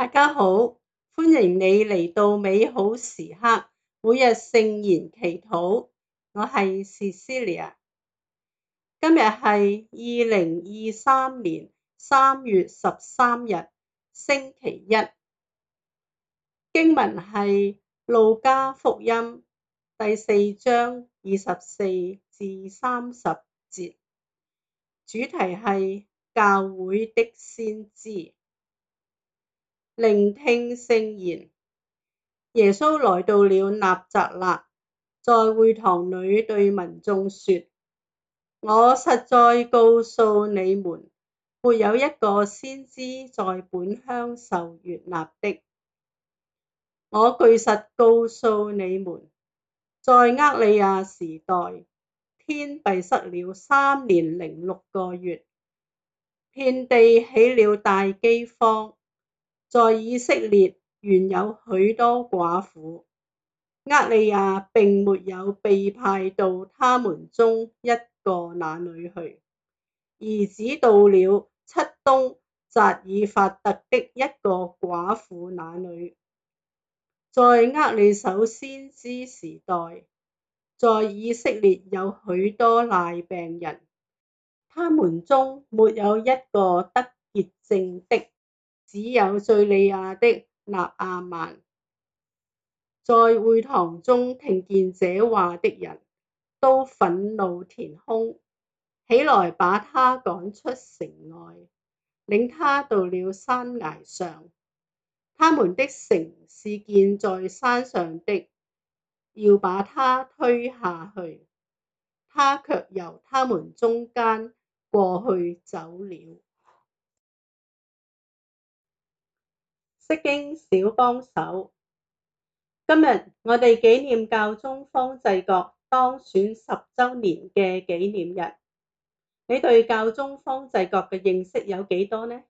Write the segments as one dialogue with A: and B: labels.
A: 大家好，歡迎你嚟到美好時刻，每日聖言祈禱。我係 Cecilia，今日係二零二三年三月十三日，星期一。經文係路加福音第四章二十四至三十節，主題係教會的先知。聆聽聖言，耶穌來到了納匝肋，在會堂裏對民眾說：我實在告訴你們，沒有一個先知在本鄉受悅納的。我據實告訴你們，在厄里亞時代，天閉塞了三年零六個月，遍地起了大饑荒。在以色列原有許多寡婦，厄里亞並沒有被派到他們中一個那裏去，而只到了漆冬匝爾法特的一個寡婦那裏。在厄里叟先知時代，在以色列有許多癩病人，他們中沒有一個得潔淨的。只有敘利亞的納阿曼。在會堂中聽見這話的人，都憤怒填胸，起來，把他趕出城外，領他到了山崖上。他們的城是建在山上的，要把他推下去，他卻由他們中間過去走了。釋經小幫手。今日我哋紀念教宗方濟各當選十週年嘅紀念日。你對教宗方濟各嘅認識有幾多呢？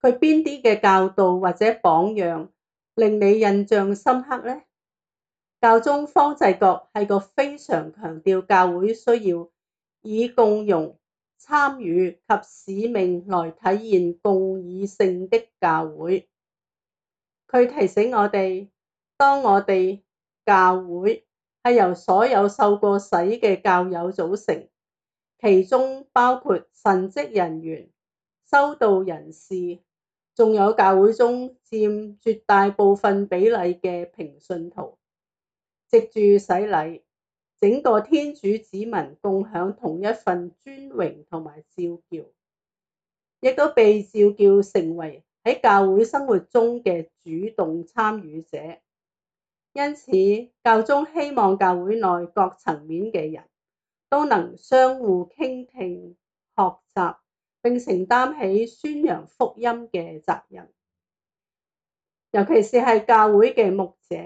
A: 佢邊啲嘅教導或者榜樣令你印象深刻呢？教宗方濟各係個非常強調教會需要以共融。參與及使命來體現共議性的教會。佢提醒我哋，當我哋教會係由所有受過洗嘅教友組成，其中包括神職人員、修道人士，仲有教會中佔絕大部分比例嘅平信徒，藉住洗禮。整個天主子民共享同一份尊榮同埋召叫，亦都被召叫成為喺教會生活中嘅主動參與者。因此，教宗希望教會內各層面嘅人都能相互傾聽、學習，並承擔起宣揚福音嘅責任。尤其是係教會嘅牧者，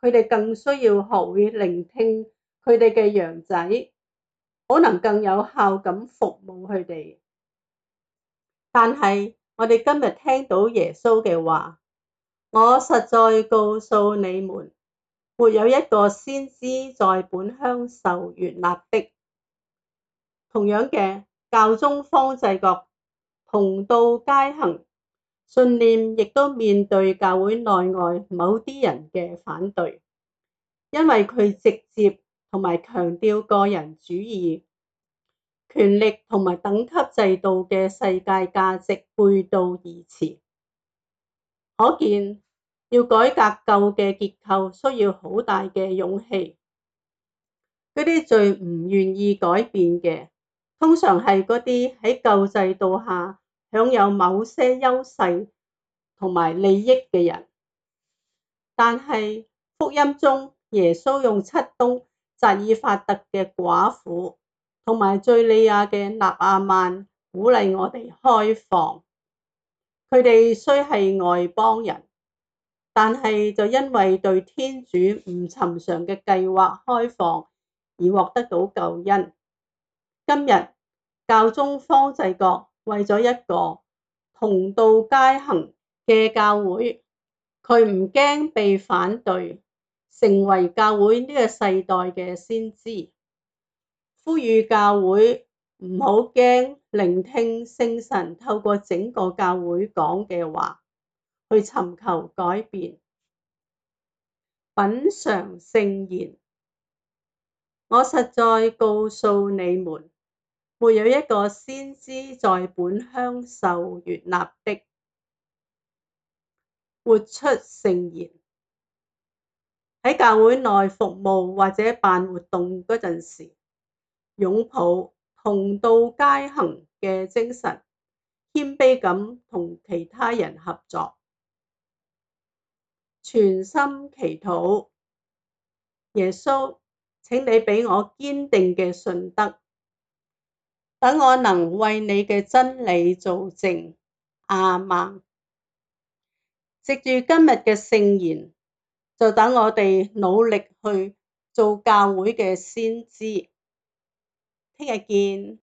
A: 佢哋更需要學會聆聽。佢哋嘅羊仔可能更有效咁服務佢哋。但係我哋今日聽到耶穌嘅話，我實在告訴你們，沒有一個先知在本鄉受悅納的。同樣嘅，教宗方濟各同道偕行，信念亦都面對教會內外某啲人嘅反對，因為佢直接。同埋強調個人主義、權力同埋等級制度嘅世界價值背道而馳，可見要改革舊嘅結構需要好大嘅勇氣。嗰啲最唔願意改變嘅，通常係嗰啲喺舊制度下享有某些優勢同埋利益嘅人。但係福音中耶穌用漆冬。扎爾法特嘅寡婦同埋敘利亞嘅納阿曼鼓勵我哋開放。佢哋雖係外邦人，但係就因為對天主唔尋常嘅計劃開放而獲得到救恩。今日教宗方濟各為咗一個同道偕行嘅教會，佢唔驚被反對。成為教會呢個世代嘅先知，呼籲教會唔好驚，聆聽聖神透過整個教會講嘅話，去尋求改變，品嚐聖言。我實在告訴你們，沒有一個先知在本鄉受悅納的，活出聖言。喺教會內服務或者辦活動嗰陣時，擁抱同道皆行嘅精神，謙卑咁同其他人合作，全心祈禱。耶穌，請你畀我堅定嘅信德，等我能為你嘅真理做證。阿們，藉住今日嘅聖言。就等我哋努力去做教會嘅先知。聽日見。